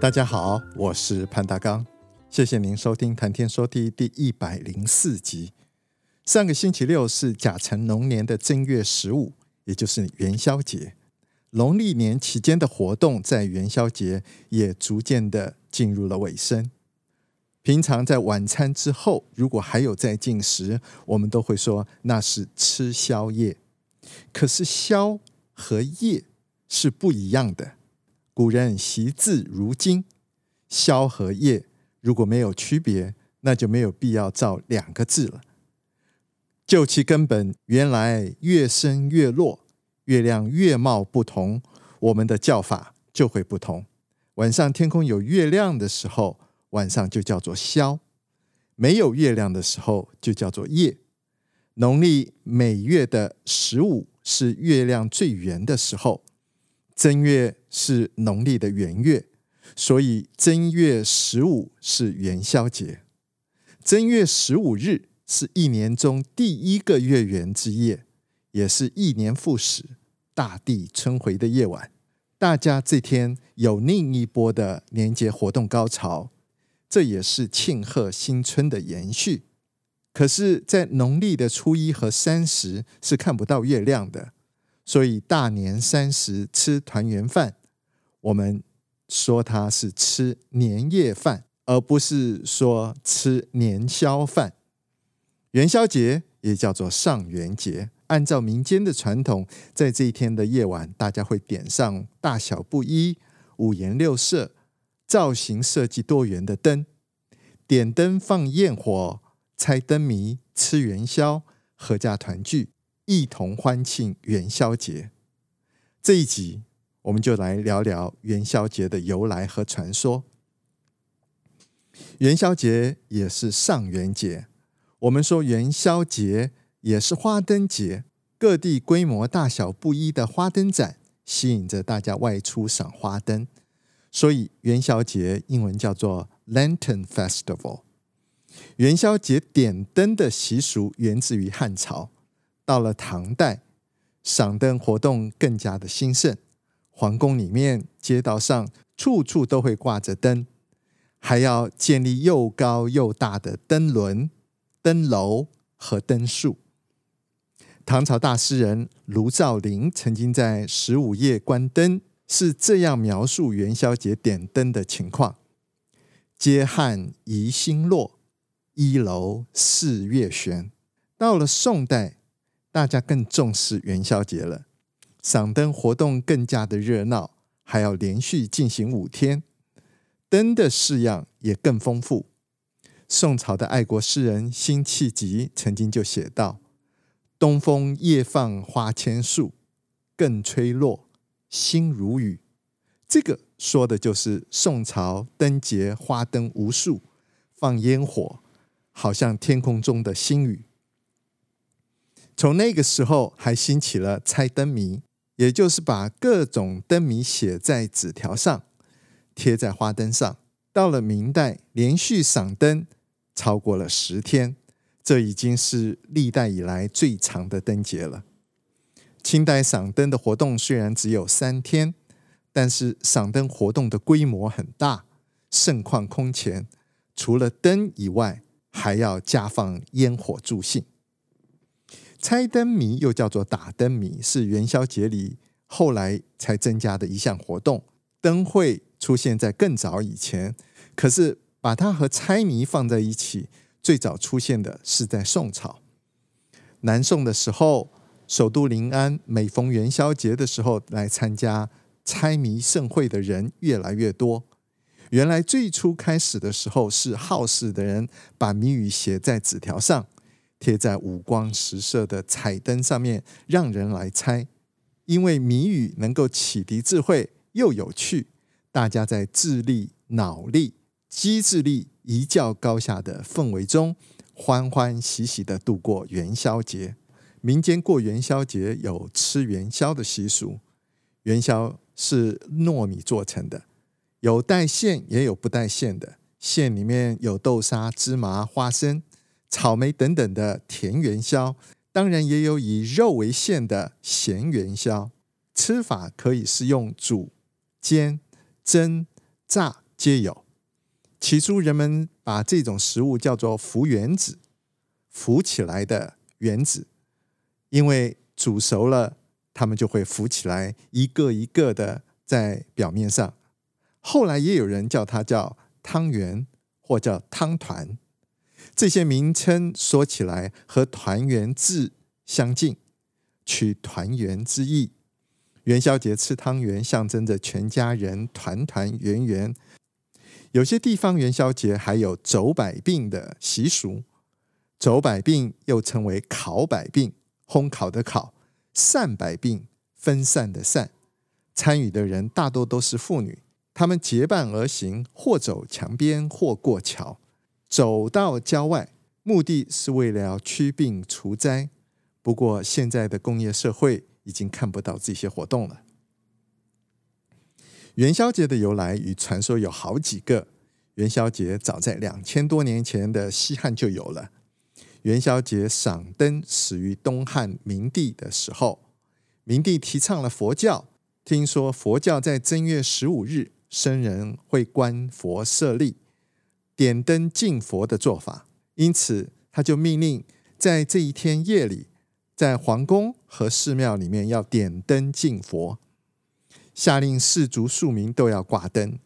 大家好，我是潘大剛，謝謝您收聽《談天說地》第一百零四集。上個星期六是甲辰龍年的正月十五，也就是元宵節。農曆年期間的活動在元宵節也逐漸的進入了尾聲。平常在晚餐之後，如果還有在進食，我們都會說那是吃宵夜。可是宵和夜是不一樣的。古人惜字如金，宵和夜如果沒有區別，那就沒有必要造兩個字了。就其根本，原來月升月落，月亮月貌不同，我們的叫法就會不同。晚上天空有月亮的時候，晚上就叫做宵；沒有月亮的時候，就叫做夜。農曆每月的十五是月亮最圓的時候。正月是農曆的元月，所以正月十五是元宵節。正月十五日是一年中第一個月圓之夜，也是一年復始、大地春回的夜晚。大家這天有另一波的年節活動高潮，這也是慶賀新春的延續。可是，在農曆的初一和三十是看不到月亮的。所以大年三十吃團圓飯，我們說它是吃年夜飯，而不是說吃年宵飯。元宵節也叫做上元節，按照民間的傳統，在這一天的夜晚，大家會點上大小不一、五顏六色、造型設計多元的燈，點燈放焰火，猜燈謎，吃元宵，合家團聚。一同歡慶元宵節。這一集我們就來聊聊元宵節的由來和傳說。元宵節也是上元節，我們說元宵節也是花燈節。各地規模大小不一的花燈展吸引着大家外出賞花燈，所以元宵節英文叫做 Lantern Festival。元宵節點燈的習俗源自於漢朝。到了唐代，賞燈活動更加的興盛，皇宮裡面、街道上處處都會掛着燈，還要建立又高又大的燈輪、燈樓和燈樹。唐朝大詩人盧照鄰曾經在《十五夜觀燈》是這樣描述元宵節點燈的情況：“接漢疑星落，一樓似月懸。”到了宋代。大家更重視元宵節了，賞燈活動更加的熱鬧，還要連續進行五天，燈的式樣也更豐富。宋朝的愛國詩人辛棄疾曾經就寫道：“東風夜放花千樹，更吹落，星如雨。”這個說的就是宋朝燈節花燈無數，放煙火，好像天空中的星雨。從那個時候，還興起了猜燈謎，也就是把各種燈謎寫在紙條上，貼在花燈上。到了明代，連續賞燈超過了十天，這已經是歷代以來最長的燈節了。清代賞燈的活動雖然只有三天，但是賞燈活動的規模很大，盛況空前。除了燈以外，還要加放煙火助興。猜燈謎又叫做打燈謎，是元宵節裡後來才增加的一項活動。燈會出現在更早以前，可是把它和猜謎放在一起，最早出現的是在宋朝。南宋的時候，首都臨安每逢元宵節的時候，來參加猜謎盛會的人越來越多。原來最初開始的時候，是好事的人把謎語寫在紙條上。貼在五光十色的彩燈上面，讓人來猜，因為謎語能夠啟迪智慧又有趣，大家在智力、腦力、機智力一較高下的氛圍中，歡歡喜喜地度過元宵節。民間過元宵節有吃元宵的習俗，元宵是糯米做成的，有帶餡也有不帶餡的，餡裡面有豆沙、芝麻、花生。草莓等等的甜元宵，當然也有以肉為餡的鹹元宵。吃法可以是用煮、煎、蒸、炸皆有。起初人們把這種食物叫做浮元子，浮起來的元子，因為煮熟了它們就會浮起來，一個一個的在表面上。後來也有人叫它叫湯圓或叫湯團。這些名稱說起來和“團圓”字相近，取團圓之意。元宵節吃湯圓，象徵着全家人團團圓圓。有些地方元宵節還有走百病的習俗，走百病又稱為烤百病、烘烤的烤、散百病、分散的散。參與的人大多都是婦女，她們結伴而行，或走牆邊，或過橋。走到郊外，目的是為了驅病除災。不過，現在的工業社會已經看不到這些活動了。元宵節的由來與傳說有好幾個。元宵節早在兩千多年前的西漢就有了。元宵節賞燈始於東漢明帝的時候。明帝提倡了佛教，聽說佛教在正月十五日，僧人會觀佛舍利。點燈敬佛的做法，因此他就命令在這一天夜裡，在皇宮和寺廟裡面要點燈敬佛，下令士庶庶民都要掛燈。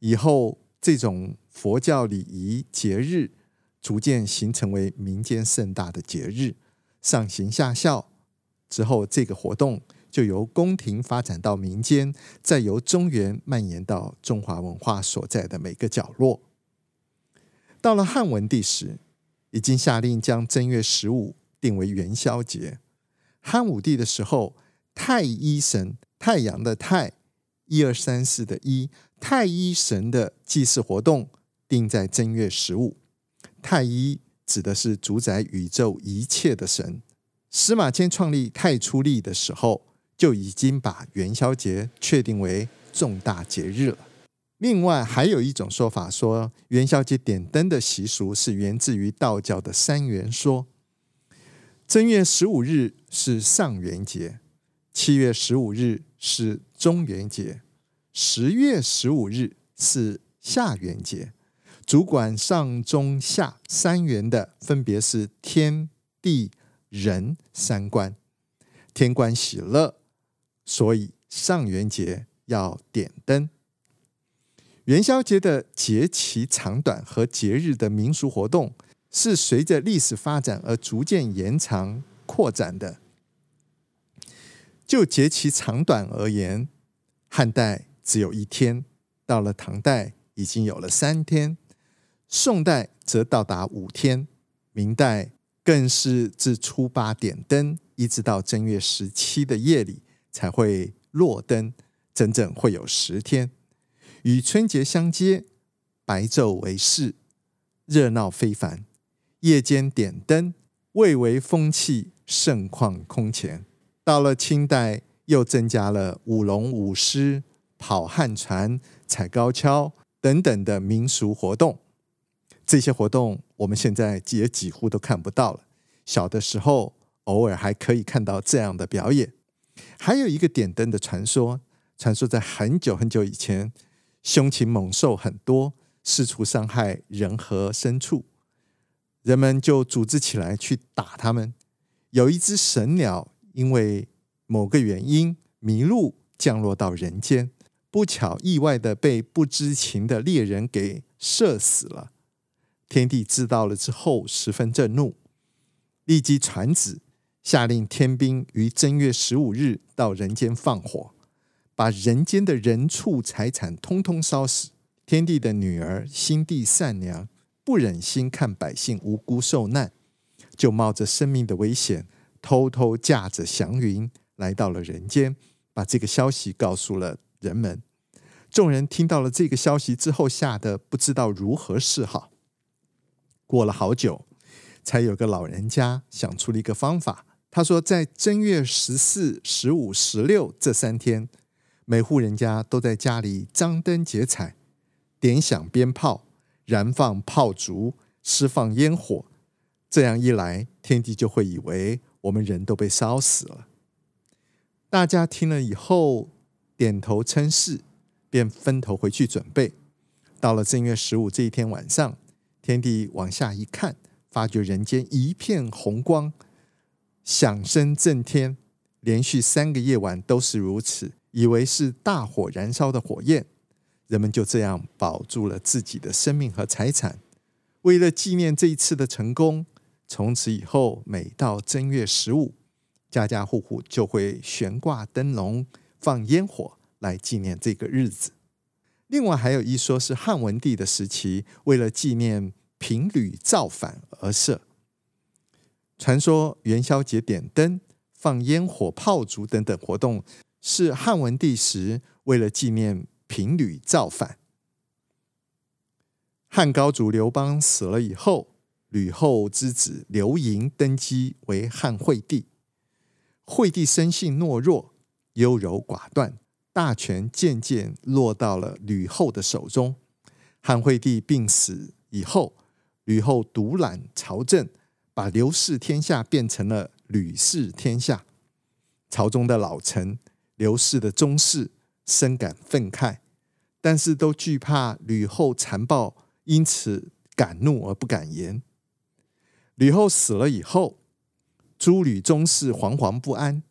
以後，這種佛教禮儀節日逐漸形成為民間盛大的節日，上行下效之後，這個活動就由宮廷發展到民間，再由中原蔓延到中華文化所在的每個角落。到了漢文帝時，已經下令將正月十五定為元宵節。漢武帝的時候，太一神（太陽的太，一二三四的一）太一神的祭祀活動定在正月十五。太一指的是主宰宇宙一切的神。司馬遷創立太初曆的時候，就已經把元宵節確定為重大節日了。另外，還有一種說法說，元宵節點燈的習俗是源自於道教的三元說。正月十五日是上元節，七月十五日是中元節，十月十五日是下元節。主管上、中、下三元的分別是天地人三官，天官喜樂，所以上元節要點燈。元宵節的節期長短和節日的民俗活動是隨着歷史發展而逐漸延長擴展的。就節期長短而言，漢代只有一天，到了唐代已經有了三天，宋代則到達五天，明代更是自初八點燈，一直到正月十七的夜裡才會落燈，整整會有十天。與春節相接，白晝為市，熱鬧非凡；夜間點燈，蔚為風氣，盛況空前。到了清代，又增加了舞龍、舞獅、跑旱船、踩高蹺等等的民俗活動。這些活動我們現在也幾乎都看不到了。小的時候，偶爾還可以看到這樣的表演。還有一個點燈的傳說，傳說在很久很久以前。凶禽猛獸很多，四處傷害人和牲畜，人們就組織起來去打他們。有一隻神鳥，因為某個原因迷路，降落到人間，不巧意外的被不知情的獵人給射死了。天帝知道了之後，十分震怒，立即傳旨，下令天兵於正月十五日到人間放火。把人間的人畜財產通通燒死。天帝的女兒心地善良，不忍心看百姓無辜受難，就冒着生命的危險，偷偷駕着祥雲來到了人間，把這個消息告訴了人們。眾人聽到了這個消息之後，嚇得不知道如何是好。過了好久，才有個老人家想出了一個方法。他說，在正月十四、十五、十六這三天。每戶人家都在家裡張燈結彩，點響鞭炮，燃放炮竹，釋放煙火。這樣一來，天帝就會以為我們人都被燒死了。大家聽了以後，點頭稱是，便分頭回去準備。到了正月十五這一天晚上，天帝往下一看，發覺人間一片紅光，響聲震天，連續三個夜晚都是如此。以為是大火燃燒的火焰，人們就這樣保住了自己的生命和財產。為了紀念這一次的成功，從此以後，每到正月十五，家家戶戶就會懸掛燈籠、放煙火來紀念這個日子。另外還有一說是漢文帝的時期，為了紀念平呂造反而設。傳說元宵節點燈、放煙火、炮竹等等活動。是漢文帝時，為了紀念平呂造反，漢高祖劉邦死了以後，呂後之子劉盈登基為漢惠帝。惠帝生性懦弱、優柔寡斷，大權漸漸落到了呂後的手中。漢惠帝病死以後，呂後獨攬朝政，把劉氏天下變成了呂氏天下。朝中的老臣。劉氏的宗室深感憤慨，但是都懼怕呂後殘暴，因此敢怒而不敢言。呂後死了以後，諸呂宗室惶惶不安，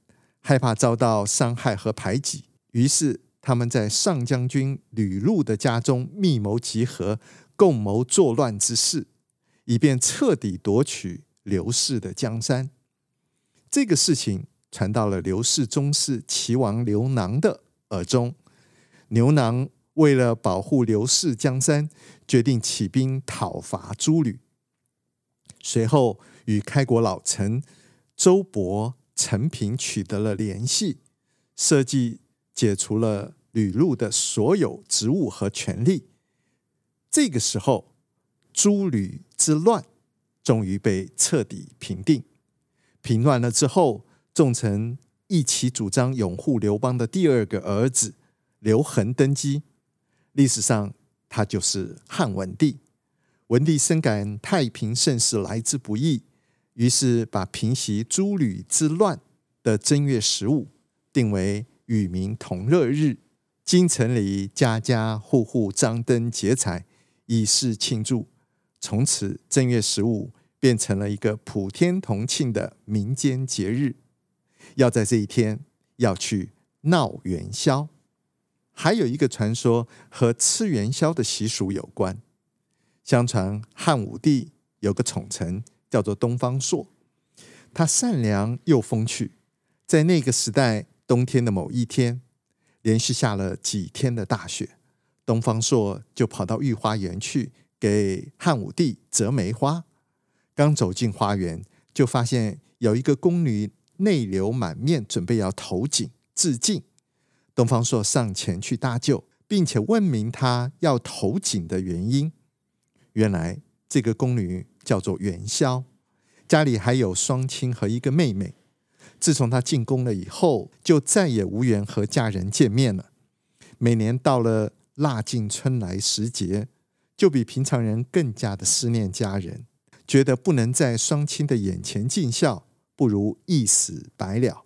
害怕遭到傷害和排擠，於是他們在上將軍呂祿的家中密謀集合，共謀作亂之事，以便徹底奪取劉氏的江山。這個事情。傳到了劉氏宗室齊王劉囊的耳中，劉囊為了保護劉氏江山，決定起兵討伐諸呂。隨後與開國老臣周勃、陳平取得了聯繫，設計解除了呂祿的所有職務和權力。這個時候，諸呂之亂終於被徹底平定。平亂了之後。眾臣一起主張擁護劉邦的第二個兒子劉恆登基，歷史上他就是漢文帝。文帝深感太平盛世來之不易，於是把平息諸呂之亂的正月十五定為與民同樂日，京城裡家家戶戶張燈結彩，以示慶祝。從此，正月十五變成了一個普天同慶的民間節日。要在這一天要去鬧元宵，還有一個傳說和吃元宵的習俗有關。相傳漢武帝有個寵臣叫做東方朔，他善良又風趣。在那個時代，冬天的某一天，連續下了幾天的大雪，東方朔就跑到御花園去給漢武帝折梅花。剛走進花園，就發現有一個宮女。淚流滿面，準備要投井自盡。東方朔上前去搭救，並且問明他要投井的原因。原來這個宮女叫做元宵，家裡還有雙親和一個妹妹。自從她進宮了以後，就再也無緣和家人見面了。每年到了臘盡春來時節，就比平常人更加的思念家人，覺得不能在雙親的眼前盡孝。不如一死百了。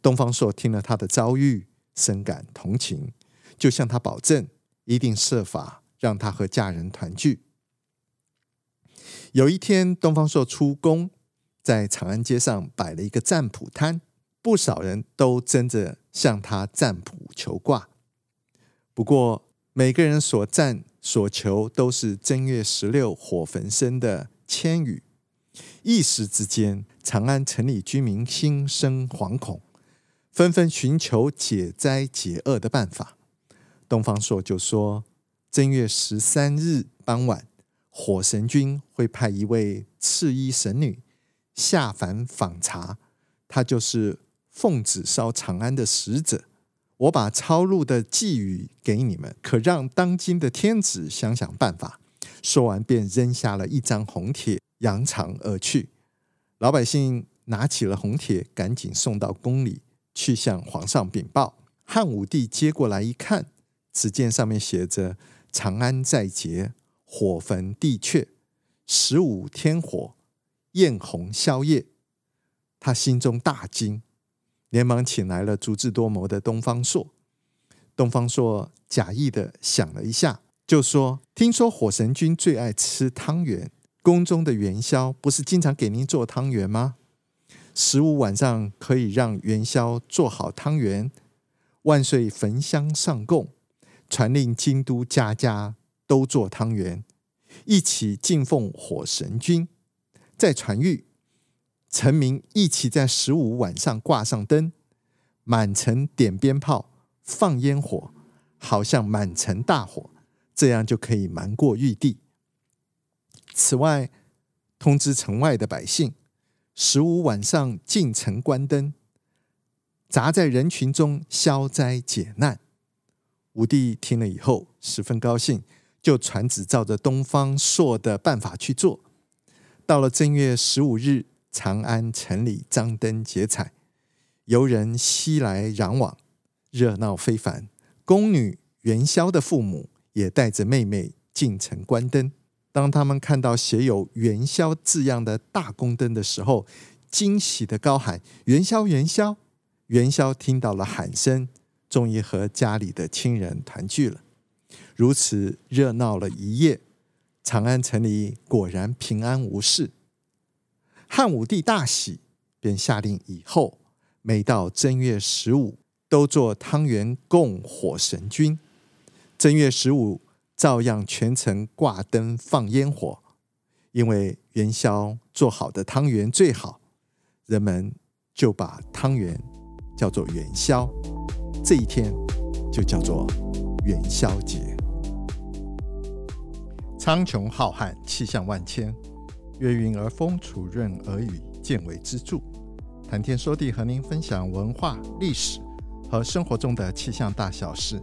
東方朔聽了他的遭遇，深感同情，就向他保證，一定設法讓他和家人團聚。有一天，東方朔出宮，在長安街上擺了一個占卜攤，不少人都爭着向他占卜求卦。不過，每個人所占所求都是正月十六火焚身的籤語。一時之間。長安城裡居民心生惶恐，紛紛尋求解災解厄的辦法。東方朔就說：“正月十三日傍晚，火神君會派一位赤衣神女下凡訪查，她就是奉旨燒長安的使者。我把抄錄的寄語給你們，可讓當今的天子想想辦法。”說完，便扔下了一張紅帖，揚長而去。老百姓拿起了紅帖，趕緊送到宮裡去向皇上稟報。漢武帝接過來一看，只見上面寫着“長安在劫，火焚帝闕，十五天火，焰紅宵夜”。他心中大驚，連忙請來了足智多謀的東方朔。東方朔假意地想了一下，就說：“聽說火神君最愛吃湯圓。”宮中的元宵不是經常給您做湯圓嗎？十五晚上可以讓元宵做好湯圓，萬歲焚香上供，傳令京都家家都做湯圓，一起敬奉火神君。再傳諭臣民，一起在十五晚上掛上燈，滿城點鞭炮，放烟火，好像滿城大火，這樣就可以瞞過玉帝。此外，通知城外的百姓，十五晚上進城觀燈，雜在人群中消災解難。武帝聽了以後十分高興，就傳旨照着東方朔的辦法去做。到了正月十五日，長安城裡張燈結彩，遊人熙來攘往，熱鬧非凡。宮女元宵的父母也帶着妹妹進城觀燈。當他們看到寫有“元宵”字樣的大宮燈的時候，驚喜的高喊：“元宵，元宵，元宵！”聽到了喊聲，終於和家裡的親人團聚了。如此熱鬧了一夜，長安城裡果然平安無事。漢武帝大喜，便下令以後每到正月十五都做湯圓供火神君。正月十五，照樣全程掛燈放煙火，因為元宵做好的湯圓最好，人們就把湯圓叫做元宵，這一天就叫做元宵節。蒼穹浩瀚，氣象萬千，月暈而風，礎潤而雨，見微知著，談天說地，和您分享文化、歷史和生活中的氣象大小事。